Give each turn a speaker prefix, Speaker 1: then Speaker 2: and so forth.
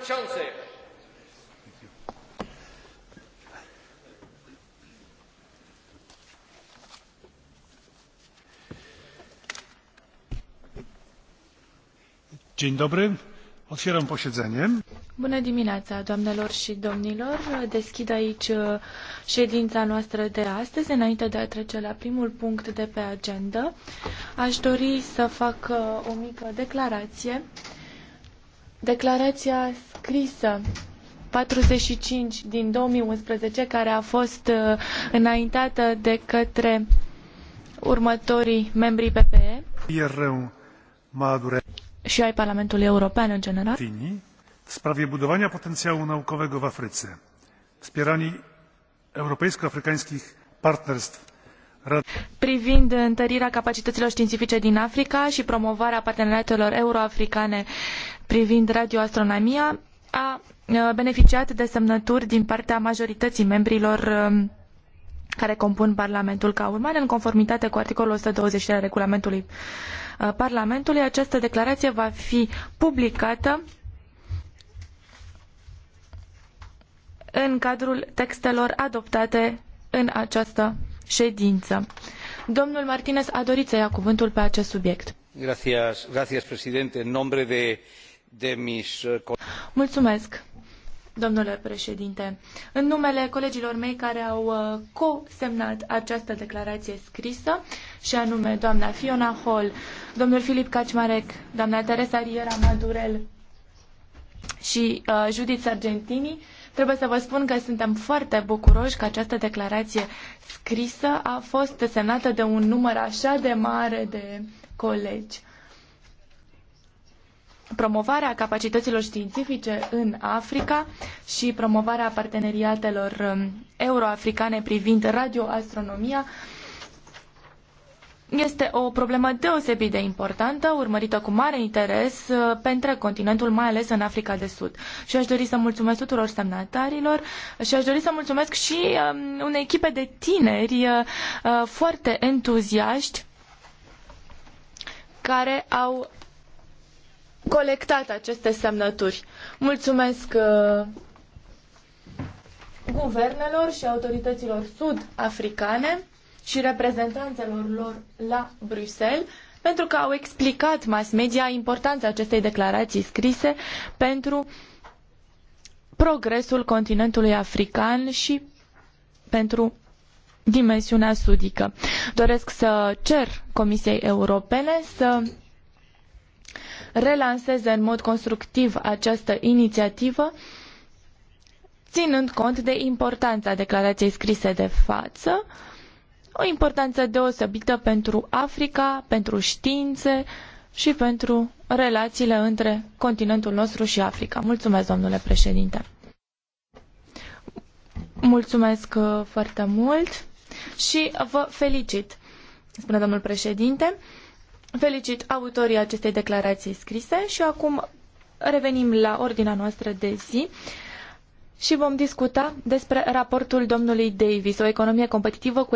Speaker 1: przewodniczący! Dzień dobry. Otwieram posiedzenie. Bună dimineața, doamnelor și domnilor. Deschid aici uh, ședința noastră de astăzi. Înainte de a trece la primul punct de pe agenda, aș dori să fac uh, o mică declarație. Declarația scrisă 45 din 2011, care a fost uh, înaintată de către următorii membri PPE și ai Parlamentului European în general. W sprawie budowania potencjału naukowego w Afryce, wspieranie europejsko-afrykańskich partnerstw privind întărirea capacităților științifice din Africa și promovarea parteneriatelor euroafricane privind radioastronomia a beneficiat de semnături din partea majorității membrilor um, care compun Parlamentul. Ca urmare, în conformitate cu articolul 120 al regulamentului uh, Parlamentului, această declarație va fi publicată în cadrul textelor adoptate în această ședință. Domnul Martinez a dorit să ia cuvântul pe acest subiect. Gracias, gracias, presidente. În nombre de Uh, Mulțumesc, domnule președinte. În numele colegilor mei care au uh, co-semnat această declarație scrisă, și anume doamna Fiona Hall, domnul Filip Cacimarec, doamna Teresa Riera Madurel și uh, Judith Sargentini, Trebuie să vă spun că suntem foarte bucuroși că această declarație scrisă a fost semnată de un număr așa de mare de colegi promovarea capacităților științifice în Africa și promovarea parteneriatelor um, euroafricane privind radioastronomia este o problemă deosebit de importantă, urmărită cu mare interes uh, pentru continentul, mai ales în Africa de Sud. Și aș dori să mulțumesc tuturor semnatarilor și aș dori să mulțumesc și um, unei echipe de tineri uh, uh, foarte entuziaști care au colectat aceste semnături. Mulțumesc uh, guvernelor și autorităților sud-africane și reprezentanțelor lor la Bruxelles pentru că au explicat mass media importanța acestei declarații scrise pentru progresul continentului african și pentru dimensiunea sudică. Doresc să cer Comisiei Europene să relanseze în mod constructiv această inițiativă, ținând cont de importanța declarației scrise de față, o importanță deosebită pentru Africa, pentru științe și pentru relațiile între continentul nostru și Africa. Mulțumesc, domnule președinte! Mulțumesc uh, foarte mult și vă felicit, spune domnul președinte. Felicit autorii acestei declarații scrise și acum revenim la ordinea noastră de zi și vom discuta despre raportul domnului Davis, o economie competitivă cu